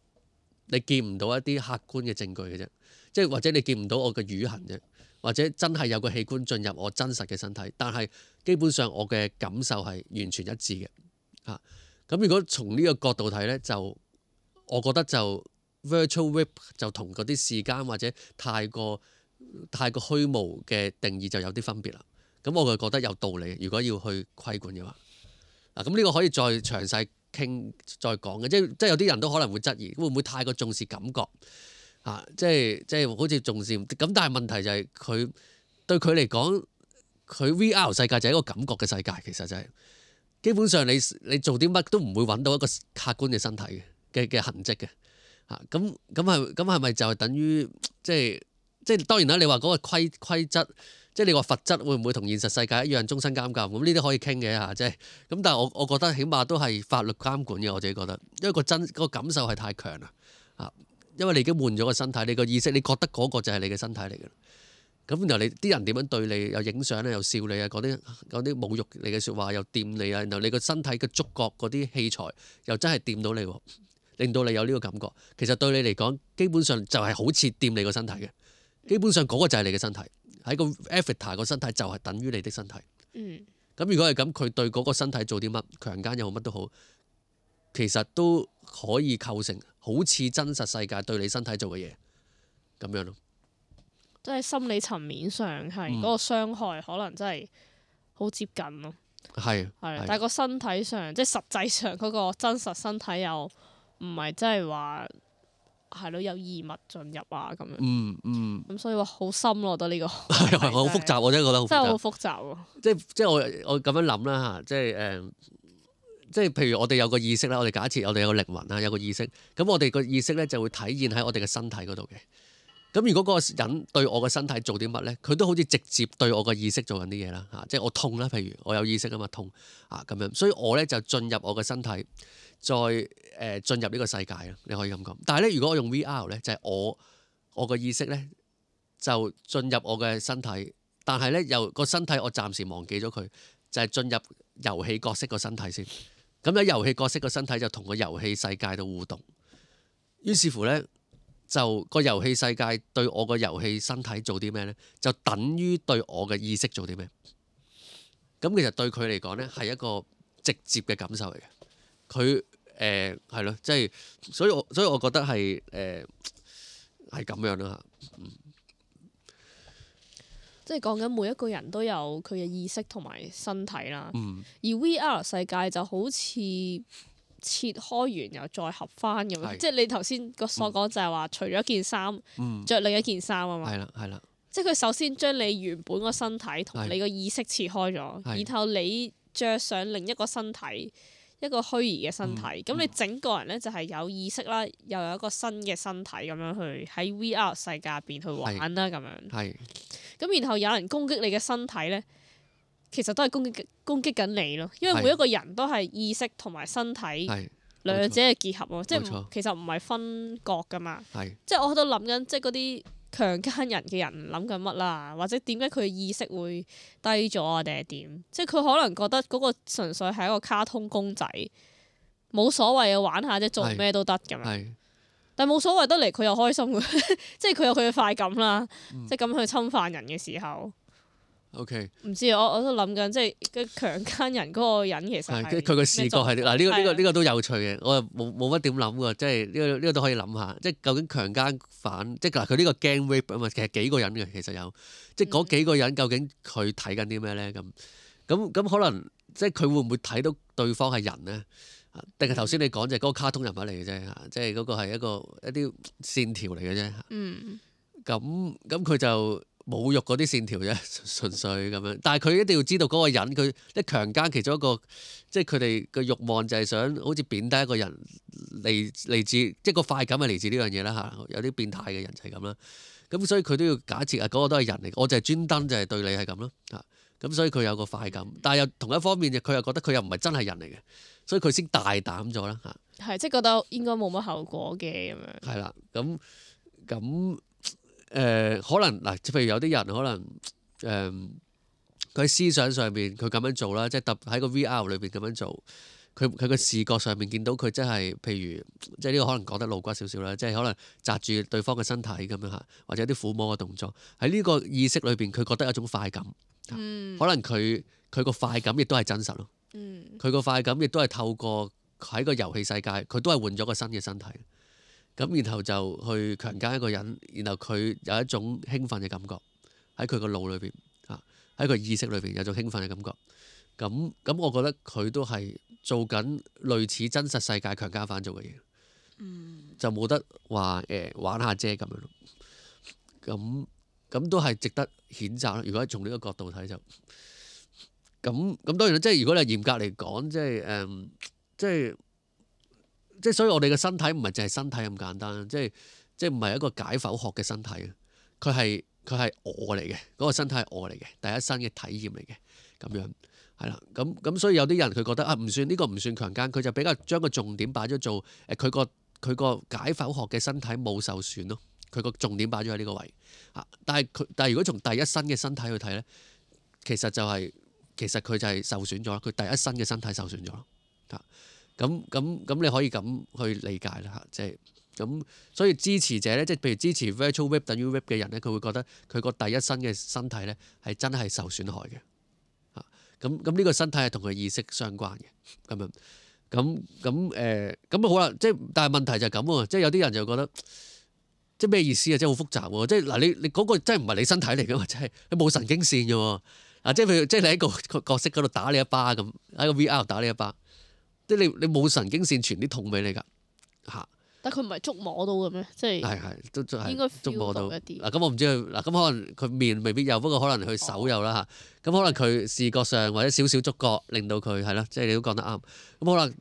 你見唔到一啲客觀嘅證據嘅啫，即係或者你見唔到我嘅瘀痕啫，或者真係有個器官進入我真實嘅身體，但係基本上我嘅感受係完全一致嘅。嚇、嗯，咁如果從呢個角度睇呢，就我覺得就 virtual rape 就同嗰啲時間或者太過太過虛無嘅定義就有啲分別啦。咁、嗯、我就覺得有道理。如果要去規管嘅話，嗱咁呢個可以再詳細。傾再講嘅，即係即係有啲人都可能會質疑，會唔會太過重視感覺啊？即係即係好似重視咁，但係問題就係佢對佢嚟講，佢 VR 世界就係一個感覺嘅世界。其實就係、是、基本上你你做啲乜都唔會揾到一個客觀嘅身體嘅嘅痕跡嘅啊。咁咁係咁係咪就係等於即係即係當然啦？你話嗰個規規則。即係你話罰則會唔會同現實世界一樣，終身監禁咁？呢啲可以傾嘅嚇，即係咁。但係我我覺得，起碼都係法律監管嘅。我自己覺得，因為個真嗰個感受係太強啦，因為你已經換咗個身體，你個意識，你覺得嗰個就係你嘅身體嚟嘅。咁然後你啲人點樣對你又影相又笑你啊，講啲啲侮辱你嘅説話，又掂你啊。然後你個身體嘅觸覺嗰啲器材又真係掂到你喎，令到你有呢個感覺。其實對你嚟講，基本上就係好似掂你個身體嘅。基本上嗰個就係你嘅身體。喺個 Avatar 個身體就係、是、等於你的身體。嗯。咁如果係咁，佢對嗰個身體做啲乜，強姦又乜都好，其實都可以構成好似真實世界對你身體做嘅嘢咁樣咯。即係心理層面上，係嗰、嗯、個傷害可能真係好接近咯。係。係。但係個身體上，的即係實際上嗰個真實身體又唔係真係話。係咯，有異物進入啊咁樣。嗯嗯。咁、嗯嗯、所以話好深咯，我覺得呢個。係係， 好複雜，我真係覺得。真係好複雜喎。即即我我咁樣諗啦吓，即係誒、嗯，即係譬如我哋有個意識啦，我哋假設我哋有個靈魂啦，有個意識，咁我哋個意識咧就會體現喺我哋嘅身體嗰度嘅。咁如果嗰個人對我嘅身體做啲乜咧，佢都好似直接對我個意識做緊啲嘢啦吓，即係我痛啦，譬如我有意識啊嘛痛啊咁樣，所以我咧就進入我嘅身體。再誒進入呢個世界咯，你可以咁講。但係咧，如果我用 VR 呢，就係我我個意識呢，就進入我嘅身體，但係呢，又個身體我暫時忘記咗佢，就係進入遊戲角色個身體先。咁喺遊戲角色個身體就同個遊戲世界度互動。於是乎呢，就個遊戲世界對我個遊戲身體做啲咩呢？就等於對我嘅意識做啲咩。咁其實對佢嚟講呢，係一個直接嘅感受嚟嘅。佢誒係咯，即係、呃、所以我所以我覺得係誒係咁樣啦、嗯、即係講緊每一個人都有佢嘅意識同埋身體啦，嗯、而 VR 世界就好似切開完又再合翻咁樣，是即係你頭先個所講就係話除咗件衫，着、嗯、另一件衫啊嘛，係啦係啦，即係佢首先將你原本個身體同你個意識切開咗，然後你着上另一個身體。一個虛擬嘅身體，咁、嗯、你整個人咧就係有意識啦，嗯、又有一個新嘅身體咁樣去喺 VR 世界入邊去玩啦咁是樣。係是。咁然後有人攻擊你嘅身體咧，其實都係攻擊攻擊緊你咯，因為每一個人都係意識同埋身體是兩者嘅結合喎是，即係其實唔係分割噶嘛。即係我喺度諗緊，即係嗰啲。強姦人嘅人諗緊乜啦？或者點解佢意識會低咗啊？定係點？即係佢可能覺得嗰個純粹係一個卡通公仔，冇所謂嘅玩下啫，做咩都得咁樣。但冇所謂得嚟，佢又開心嘅， 即係佢有佢嘅快感啦。即係咁去侵犯人嘅時候。嗯 O.K. 唔知我我都諗緊，即係個強奸人嗰個人其實係佢個視覺係嗱呢個呢個呢個都有趣嘅，我又冇冇乜點諗噶，即係呢個呢個都可以諗下，即係究竟強奸犯即係嗱佢呢個 game rape 啊嘛，其實幾個人嘅其實有，即係嗰幾個人究竟佢睇緊啲咩咧？咁咁咁可能即係佢會唔會睇到對方係人咧？定係頭先你講就嗰個卡通人物嚟嘅啫，即係嗰個係一個一啲線條嚟嘅啫。嗯，咁咁佢就。侮辱嗰啲線條啫，純粹咁樣。但係佢一定要知道嗰個人，佢啲強姦其中一個，即係佢哋嘅慾望就係想好似貶低一個人嚟嚟自，即係個快感係嚟自呢樣嘢啦嚇。有啲變態嘅人就係咁啦。咁所以佢都要假設啊，嗰個都係人嚟，我就係專登就係對你係咁啦嚇。咁所以佢有個快感，但係又同一方面，佢又覺得佢又唔係真係人嚟嘅，所以佢先大膽咗啦嚇。係即係覺得應該冇乜後果嘅咁樣。係啦，咁咁。誒、呃、可能嗱，譬如有啲人可能誒，佢、呃、思想上面佢咁樣做啦，即係揼喺個 VR 裏邊咁樣做，佢佢個視覺上面見到佢真係，譬如即係呢個可能講得露骨少少啦，即係可能紮住對方嘅身體咁樣嚇，或者啲撫摸嘅動作喺呢個意識裏邊，佢覺得有一種快感。嗯、可能佢佢個快感亦都係真實咯。佢個、嗯、快感亦都係透過喺個遊戲世界，佢都係換咗個新嘅身體。咁然後就去強姦一個人，然後佢有一種興奮嘅感覺喺佢個腦裏邊啊，喺佢意識裏邊有種興奮嘅感覺。咁咁，我覺得佢都係做緊類似真實世界強姦犯做嘅嘢，嗯，就冇得話誒，呃、玩下啫咁樣咯。咁咁都係值得譴責咯。如果從呢個角度睇就，咁咁當然啦，即係如果你嚴格嚟講，即係誒、嗯，即係。即係所以，我哋嘅身體唔係淨係身體咁簡單，即係即係唔係一個解剖學嘅身體啊！佢係佢係我嚟嘅，嗰個身體係我嚟嘅，第一身嘅體驗嚟嘅，咁樣係啦。咁咁所以有啲人佢覺得啊，唔算呢個唔算強奸，佢就比較將個重點擺咗做誒，佢個佢個解剖學嘅身體冇受損咯。佢個重點擺咗喺呢個位啊。但係佢但係如果從第一身嘅身體去睇咧，其實就係，其實佢就係受損咗啦。佢第一身嘅身體受損咗啦啊！咁咁咁你可以咁去理解啦嚇，即係咁，所以支持者咧，即係譬如支持 virtual rape 等於 rape 嘅人咧，佢會覺得佢個第一身嘅身體咧係真係受損害嘅嚇。咁咁呢個身體係同佢意識相關嘅咁樣。咁咁誒咁好啦，即係但係問題就係咁喎，即係有啲人就覺得即係咩意思啊？即係好複雜喎，即係嗱你你嗰個真係唔係你身體嚟㗎嘛？即係你冇神經線㗎喎啊！即係譬如即係你喺個角色嗰度打你一巴咁喺個 VR 打你一巴。即係你你冇神經線傳啲痛俾你㗎，嚇！但係佢唔係觸摸到嘅咩？即係係係都應該觸摸到一啲。嗱咁我唔知佢，嗱咁可能佢面未必有，不過可能佢手有啦，嚇。咁可能佢視覺上或者少少觸覺令到佢係咯，即係你都講得啱。咁可能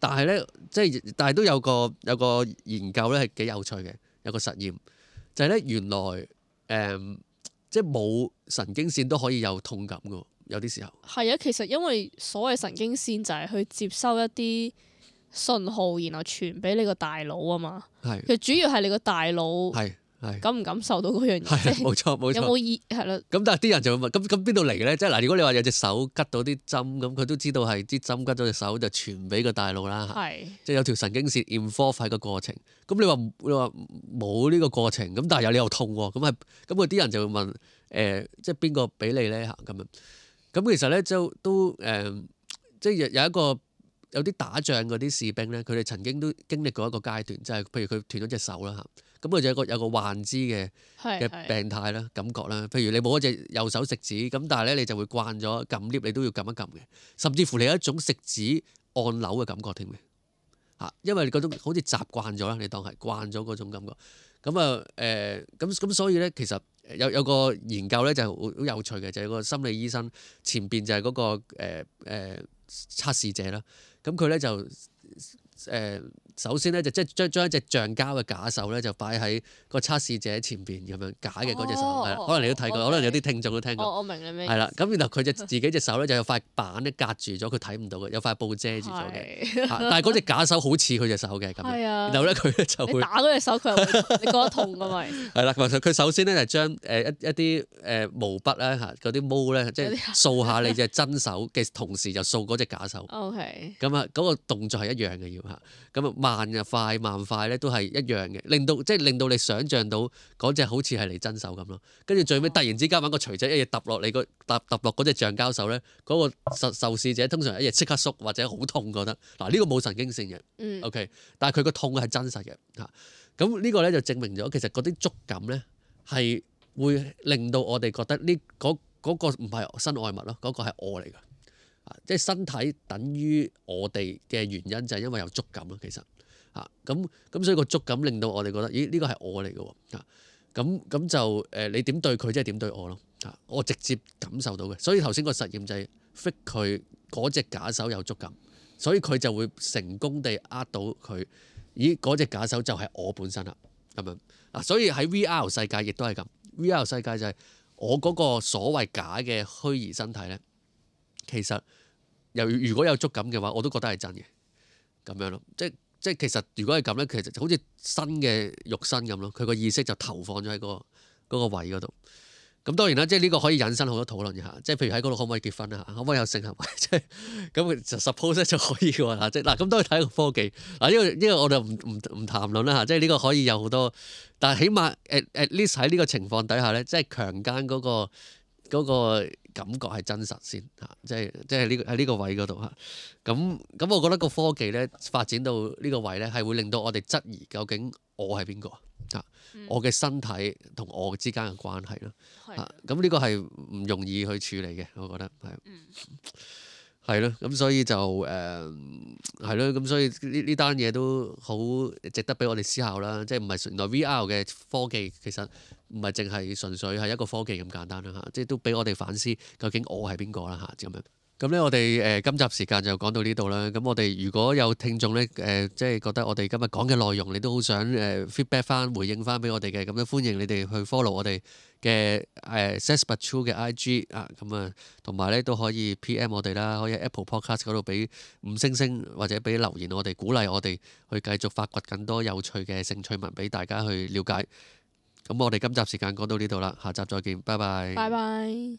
但係咧，即係但係都有個有個研究咧係幾有趣嘅，有個實驗就係咧原來誒即係冇神經線都可以有痛感㗎。有啲時候係啊，其實因為所謂神經線就係去接收一啲信號，然後傳俾你個大腦啊嘛。其實的主要係你個大腦係係感唔感受到嗰樣嘢。係冇錯冇錯。錯 有冇熱係啦？咁但係啲人就會問：咁咁邊度嚟咧？即係嗱，如果你話有隻手拮到啲針咁，佢都知道係啲針拮咗隻手就傳俾個大腦啦。係的即係有條神經線 involve 喺個過程。咁你話你話冇呢個過程咁，但係有你又痛喎。咁係咁，啲人就會問：誒、呃，即係邊個俾你咧？嚇咁樣。咁其實咧，就都誒，即係有一個有啲打仗嗰啲士兵咧，佢哋曾經都經歷過一個階段，就係譬如佢斷咗隻手啦嚇，咁佢就有一個有個幻肢嘅嘅病態啦，感覺啦。是是譬如你冇嗰隻右手食指，咁但係咧你就會慣咗撳 lift 你都要撳一撳嘅，甚至乎你有一種食指按鈕嘅感覺添嘅嚇，因為你嗰種好似習慣咗啦，你當係慣咗嗰種感覺。咁啊誒，咁咁所以咧，其實。有有個研究呢就好有趣嘅，就係個心理醫生前邊就係嗰個誒誒測試者啦，咁佢呢就誒。呃首先咧就即係將將一隻橡膠嘅假手咧就擺喺個測試者前邊咁樣，假嘅嗰隻手，哦，可能你都睇過，okay, 可能有啲聽眾都聽過。哦，我明你咩意思？係啦，咁然後佢隻自己隻手咧就有塊板咧隔住咗，佢睇唔到嘅，有塊布遮住咗嘅。 但係嗰隻假手好似佢隻手嘅咁。係 然後咧佢就會。打嗰隻手又，佢會 你覺得痛㗎咪？係啦，佢首先咧就將誒一一啲誒毛筆咧嗰啲毛咧即係掃下你隻真手嘅同時就掃嗰隻假手。 OK。咁啊，嗰個動作係一樣嘅要嚇，咁慢呀快，慢快咧都係一樣嘅，令到即係令到你想像到嗰隻好似係你真手咁咯。跟住最尾突然之間揾個錘仔一嘢揼落你個揼落嗰隻橡膠手呢，嗰、那個受受試者通常一嘢即刻縮，或者好痛覺得。嗱呢、這個冇神經性嘅，OK 但係佢個痛係真實嘅嚇。咁呢、這個呢就證明咗其實嗰啲觸感呢係會令到我哋覺得呢嗰、那個唔係身外物咯，嗰、那個係我嚟㗎，即係身體等於我哋嘅原因就係、是、因為有觸感咯，其實。嚇，咁咁，所以個觸感令到我哋覺得，咦呢個係我嚟嘅喎。嚇，咁咁就誒你點對佢，即係點對我咯，嚇、嗯、我直接感受到嘅。所以頭先個實驗就係迫佢嗰隻假手有觸感，所以佢就會成功地呃到佢，咦嗰隻假手就係我本身啦，咁樣啊。所以喺 V R 世界亦都係咁，V R 世界就係、是、我嗰個所謂假嘅虛擬身體咧，其實由如果有觸感嘅話，我都覺得係真嘅，咁樣咯，即係。即係其實，如果係咁呢，其實就好似新嘅肉身咁咯。佢個意識就投放咗喺、嗰個嗰、嗰個位嗰度。咁當然啦，即係呢個可以引申好多討論嘅嚇。即係譬如喺嗰度可唔可以結婚啊？可唔可以有性行為？ 即係咁就 suppose 就可以㗎嘛。即係嗱咁都係睇個科技嗱。呢、啊呢個呢、呢個我哋唔唔唔談論啦嚇。即係呢個可以有好多，但係起碼 at least 喺呢個情況底下呢，即係強姦嗰個嗰個。嗰個感覺係真實先嚇，即係即係呢個喺呢個位嗰度嚇。咁、嗯、咁，我覺得個科技咧發展到呢個位咧，係會令到我哋質疑究竟我係邊個啊？我嘅身體同我之間嘅關係啦。係、嗯。咁呢個係唔容易去處理嘅，我覺得係。係咯，咁所以就誒係咯，咁、嗯、所以呢，呢單嘢都好值得俾我哋思考啦，即係唔係純粹 VR 嘅科技，其實唔係淨係純粹係一個科技咁簡單啦嚇，即係都俾我哋反思究竟我係邊個啦嚇咁樣。咁咧，我哋誒今集時間就講到呢度啦。咁我哋如果有聽眾咧，誒即係覺得我哋今日講嘅內容，你都好想誒 feedback 翻、回應翻俾我哋嘅，咁咧歡迎你哋去 follow 我哋嘅誒 Sex But True 嘅 IG 啊，咁啊，同埋咧都可以 PM 我哋啦，可以 Apple Podcast 嗰度俾五星星或者俾留言我哋，鼓勵我哋去繼續發掘更多有趣嘅性趣聞俾大家去了解。咁我哋今集時間講到呢度啦，下集再見，拜拜。拜拜。